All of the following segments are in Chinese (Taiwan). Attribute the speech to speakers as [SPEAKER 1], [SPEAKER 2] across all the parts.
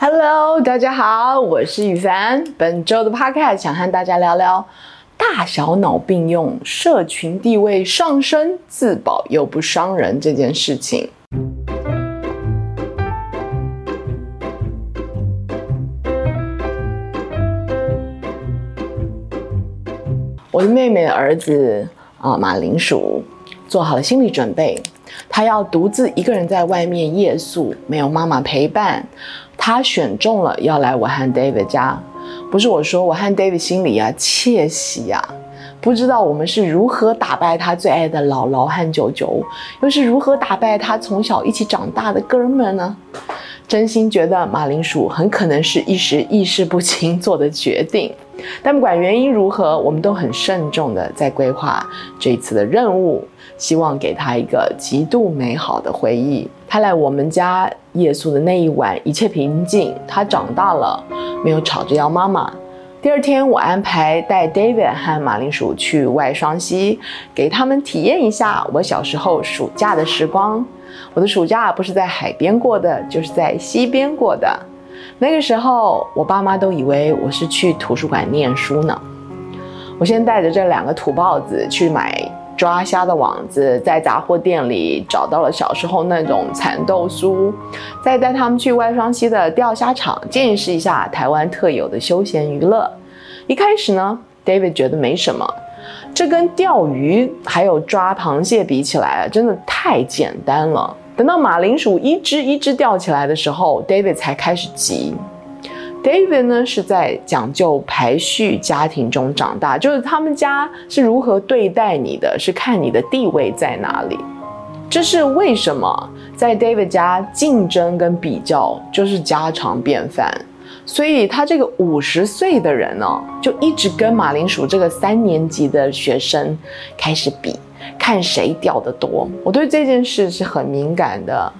[SPEAKER 1] Hello，大家好，我是宇凡。本周的 Podcast 想和大家聊聊“大小腦併用，社群地位上升，自保又不傷人”這件事情。我的妹妹的兒子啊，馬鈴薯，做好了心理準備。他要獨自一個人在外面夜宿，沒有媽媽陪伴。他選中了要來我和 David 家，不是我說，我和 David 心裡呀、啊、竊喜呀、啊。不知道我們是如何打敗他最愛的姥姥和舅舅，又是如何打敗他從小一起長大的哥們呢？真心覺得馬鈴薯很可能是一時意識不清做的決定。但不管原因如何，我們都很慎重的在規劃這一次的任務。希望給他一個極度美好的回憶。他來我們家夜宿的那一晚，一切平靜。他長大了，沒有吵着要媽媽。第二天，我安排帶 David 和馬鈴薯去外雙溪，給他們體驗一下我小時候暑假的時光。我的暑假不是在海邊過的，就是在溪邊過的。那個時候，我爸媽都以為我是去圖書館念書呢。我先帶着這兩個土包子去買。抓蝦的網子，在雜貨店裡找到了小時候那種蠶豆酥，再帶他們去外雙溪的釣蝦場，見識一下台灣特有的休閒娛樂。一開始呢，David 覺得沒什麼，這跟釣魚還有抓螃蟹比起來，真的太簡單了。等到馬鈴薯一隻一隻釣起來的時候，David 才開始急。David 呢是在講究排序家庭中長大，就是他們家是如何對待你的，是看你的地位在哪裡。這是為什麼在 David 家競爭跟比較就是家常便飯，所以他這個五十歲的人呢、啊，就一直跟馬鈴薯這個三年級的學生開始比，看誰釣得多。我對這件事是很敏感的。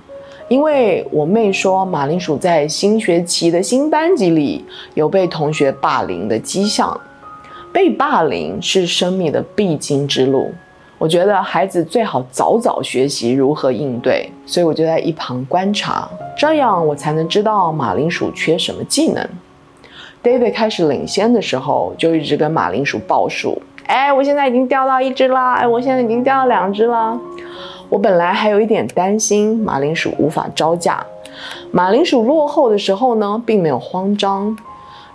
[SPEAKER 1] 因為我妹說馬鈴薯在新學期的新班級裡有被同學霸凌的跡象，被霸凌是生命的必經之路，我覺得孩子最好早早學習如何應對，所以我就在一旁觀察，這樣我才能知道馬鈴薯缺什麼技能。David 開始領先的時候，就一直跟馬鈴薯報數：「哎，我現在已經釣到一隻啦！」「哎，我現在已經釣到兩隻啦！」我本來還有一點擔心馬鈴薯無法招架，馬鈴薯落後的時候呢，並沒有慌張。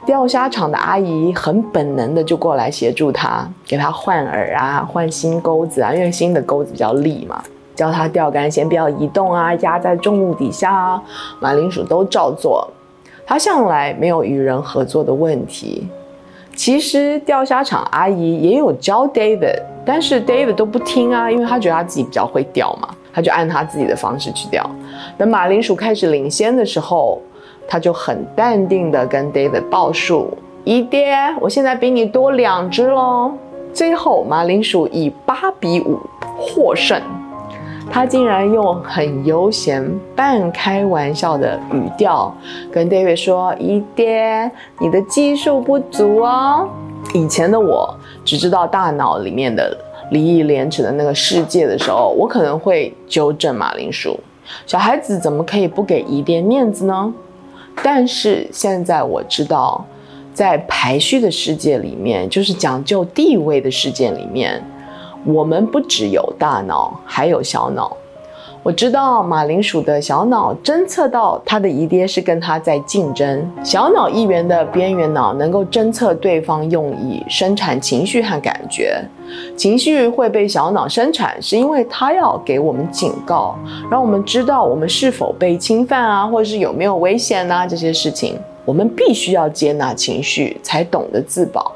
[SPEAKER 1] 釣蝦場的阿姨很本能的就過來協助他，給他換餌啊，換新鈎子啊，因為新的鈎子比較利嘛，教他釣竿先不要移動啊，壓在重物底下啊。馬鈴薯都照做，他向來沒有與人合作的問題。其實釣蝦場阿姨也有教 David。但是 David 都不聽啊，因為他覺得他自己比較會釣嘛，他就按他自己的方式去釣。等馬鈴薯開始領先的時候，他就很淡定地跟 David 報數：“姨爹，我現在比你多兩隻嘍。”最後馬鈴薯以八比五獲勝，他竟然用很悠閒、半開玩笑的語調跟 David 說：“姨爹，你的技術不足哦。”以前的我只知道大腦裡面的禮義廉恥的那個世界的時候，我可能會糾正馬鈴薯，小孩子怎麼可以不給一點面子呢？但是現在我知道，在排序的世界裡面，就是講究地位的世界裡面，我們不只有大腦，還有小腦。我知道馬鈴薯的小腦偵測到他的姨爹是跟他在競爭。小腦一員的邊緣腦能夠偵測對方用意，生產情緒和感覺。情緒會被小腦生產，是因為它要給我們警告，讓我們知道我們是否被侵犯啊，或者是有沒有危險吶、啊、這些事情。我們必須要接納情緒，才懂得自保。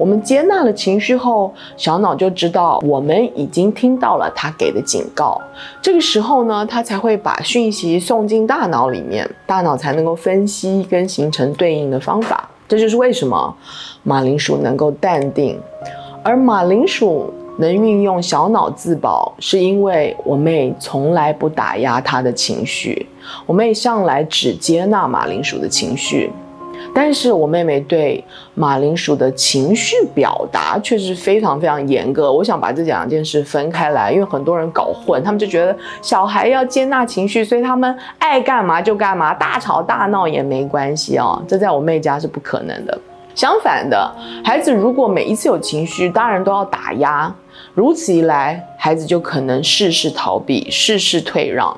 [SPEAKER 1] 我們接納了情緒後，小腦就知道我們已經聽到了他給的警告。這個時候呢，他才會把訊息送進大腦裡面，大腦才能夠分析跟形成對應的方法。這就是為什麼馬鈴薯能夠淡定，而馬鈴薯能運用小腦自保，是因為我妹從來不打壓他的情緒，我妹向來只接納馬鈴薯的情緒。但是我妹妹對馬鈴薯的情緒表達卻是非常非常嚴格。我想把這兩件事分開來，因為很多人搞混，他們就覺得小孩要接納情緒，所以他們愛幹嘛就幹嘛，大吵大鬧也沒關係哦。這在我妹家是不可能的。相反的，孩子如果每一次有情緒，大人都要打壓，如此一來，孩子就可能事事逃避，事事退讓，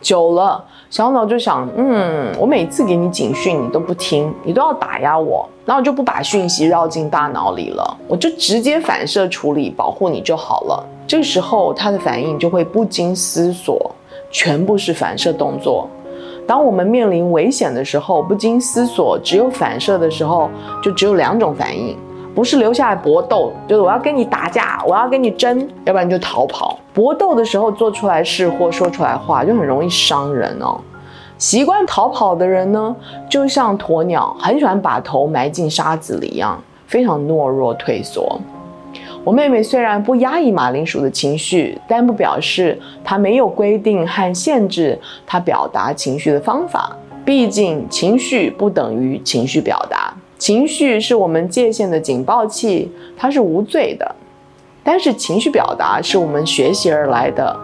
[SPEAKER 1] 久了。小腦就想，嗯，我每次給你警訊，你都不聽，你都要打壓我，然後就不把訊息繞進大腦裡了，我就直接反射處理，保護你就好了。這時候他的反應就會不經思索，全部是反射動作。當我們面臨危險的時候，不經思索，只有反射的時候，就只有兩種反應。不是留下來搏鬥，就是我要跟你打架，我要跟你爭，要不然你就逃跑。搏鬥的時候做出來事或說出來話，就很容易傷人哦。習慣逃跑的人呢，就像鴕鳥，很喜歡把頭埋進沙子裡一樣，非常懦弱退縮。我妹妹雖然不壓抑馬鈴薯的情緒，但不表示她沒有規定和限制她表達情緒的方法。畢竟情緒不等於情緒表達。情緒是我們界限的警報器，它是無罪的。但是情緒表達是我們學習而來的。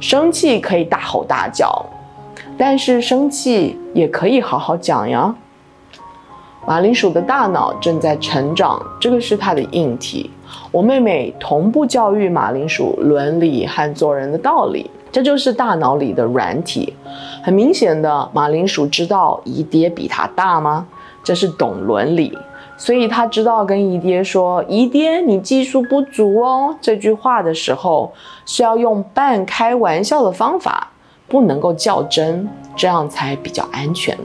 [SPEAKER 1] 生氣可以大吼大叫，但是生氣也可以好好講呀。馬鈴薯的大腦正在成長，這個是它的硬體。我妹妹同步教育馬鈴薯倫理和做人的道理，這就是大腦裡的軟體。很明顯的，馬鈴薯知道姨爹比它大嗎？這是懂倫理，所以他知道跟姨爹說“姨爹，你技術不足哦”這句話的時候，是要用半開玩笑的方法，不能夠較真，這樣才比較安全。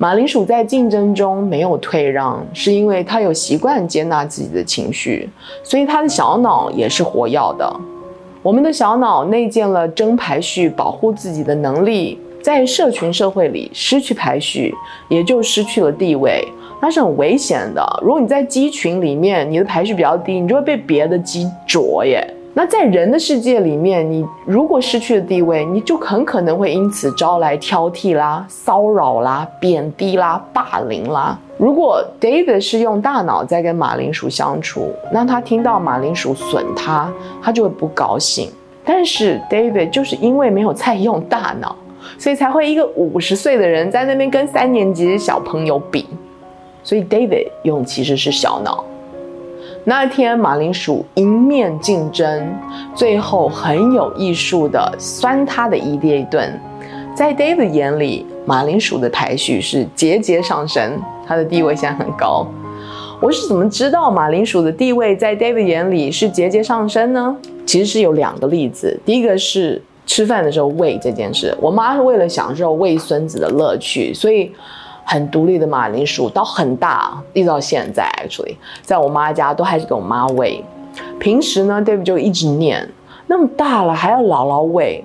[SPEAKER 1] 馬鈴薯在競爭中沒有退讓，是因為它有習慣接納自己的情緒，所以它的小腦也是活躍的。我們的小腦內建了爭排序、保護自己的能力。在社群社會裡，失去排序也就失去了地位，那是很危險的。如果你在雞群裡面，你的排序比較低，你就會被別的雞啄耶。那在人的世界裡面，你如果失去了地位，你就很可能會因此招來挑剔啦、騷擾啦、貶低啦、霸凌啦。如果 David 是用大腦在跟馬鈴薯相處，那他聽到馬鈴薯損他，他就會不高興。但是 David 就是因為沒有再用大腦。所以才會一個五十歲的人在那邊跟三年級的小朋友比。所以 David 用其實是小腦。那天馬鈴薯迎面競爭，最後很有藝術的酸他的爺爺一頓。在 David 眼裡，馬鈴薯的排序是節節上升，他的地位現在很高。我是怎麼知道馬鈴薯的地位在 David 眼裡是節節上升呢？其實是有兩個例子，第一個是，吃飯的時候餵這件事，我媽是為了享受餵孫子的樂趣，所以很獨立的馬鈴薯到很大一直到現在，actually，在我媽家都還是給我媽餵。平時呢，David 就一直念，那麼大了還要姥姥餵。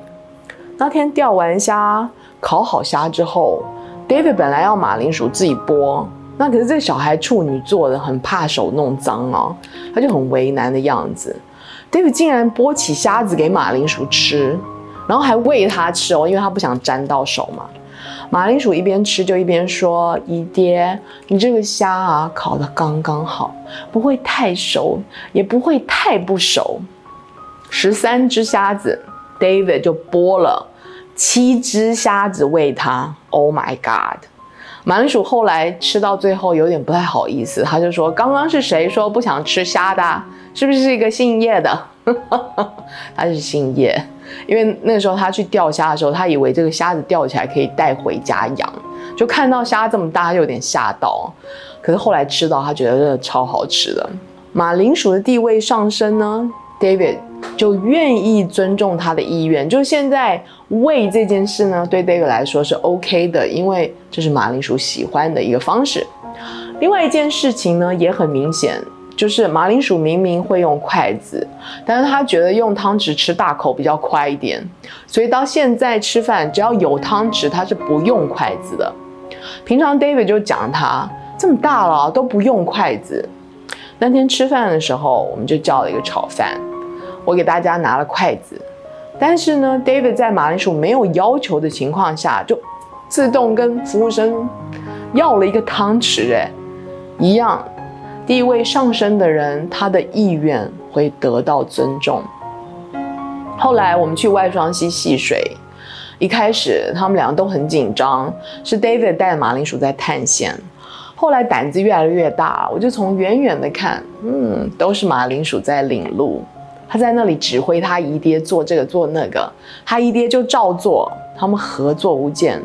[SPEAKER 1] 那天釣完蝦，烤好蝦之後，David 本來要馬鈴薯自己剝，那可是這小孩處女座的，很怕手弄髒啊、哦，他就很為難的樣子。David 竟然剝起蝦子給馬鈴薯吃。然後還餵他吃哦，因為他不想沾到手嘛。馬鈴薯一邊吃就一邊說：“姨爹，你這個蝦啊，烤得剛剛好，不會太熟，也不會太不熟。”十三隻蝦子，David 就剝了七隻蝦子餵他。Oh my god！馬鈴薯後來吃到最後有點不太好意思，他就說：“剛剛是誰說不想吃蝦的？是不是一個姓葉的？ 他是姓葉，因為那時候他去釣蝦的時候，他以為這個蝦子釣起來可以帶回家養，就看到蝦這麼大，他就有點嚇到。可是後來吃到，他覺得真的超好吃的。馬鈴薯的地位上升呢，David。”就願意尊重他的意願。就現在餵這件事呢，對 David 來說是 OK 的，因為這是馬鈴薯喜歡的一個方式。另外一件事情呢，也很明顯，就是馬鈴薯明明會用筷子，但是他覺得用湯匙吃大口比較快一點，所以到現在吃飯只要有湯匙，他是不用筷子的。平常 David 就講他這麼大了啊，都不用筷子。那天吃飯的時候，我們就叫了一個炒飯。我給大家拿了筷子，但是呢，David 在馬鈴薯沒有要求的情況下，就自動跟服務生要了一個湯匙。哎，一樣，地位上升的人，他的意願會得到尊重。後來我們去外雙溪戲水，一開始他們兩個都很緊張，是 David 帶着馬鈴薯在探險，後來膽子越來越大，我就從遠遠的看，嗯，都是馬鈴薯在領路。他在那裡指揮他姨爹做這個做那個，他姨爹就照做，他們合作無間。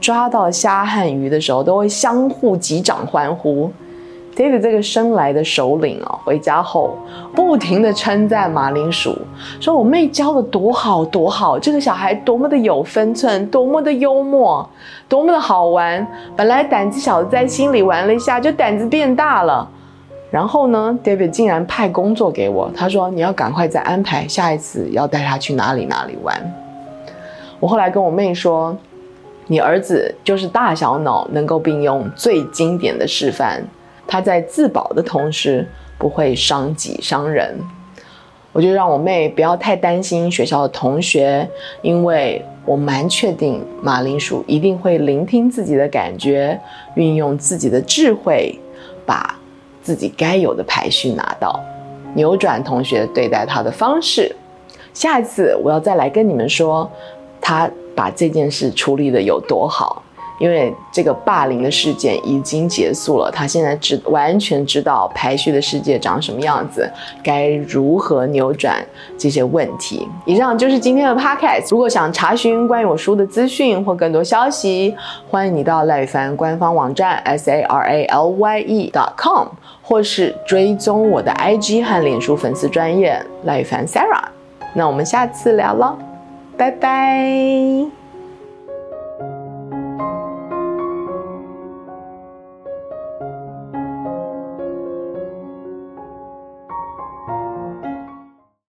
[SPEAKER 1] 抓到蝦和魚的時候，都會相互擊掌歡呼。爹 a 這個生來的首領啊，回家後不停的稱讚馬鈴薯，說我妹教的多好多好，這個小孩多麼的有分寸，多麼的幽默，多麼的好玩。本來膽子小，在心裡玩了一下，就膽子變大了。然後呢，David 竟然派工作給我。他說：“你要趕快再安排下一次要帶他去哪裡哪裡玩。”我後來跟我妹說：“你兒子就是大小腦能夠並用最經典的示範，他在自保的同時不會傷己傷人。”我就讓我妹不要太擔心學校的同學，因為我蠻確定馬鈴薯一定會聆聽自己的感覺，運用自己的智慧，把自己該有的排序拿到，扭轉同學對待他的方式。下一次我要再來跟你們說，他把這件事處理的有多好。因為這個霸凌的事件已經結束了，他現在只完全知道排序的世界長什麼樣子，該如何扭轉這些問題。以上就是今天的 podcast。如果想查詢關於我書的資訊或更多消息，歡迎你到賴宇凡官方網站 s a r a l y e dot com，或是追蹤我的 IG 和臉書粉絲專頁賴宇凡 Sara。那我們下次聊了，拜拜。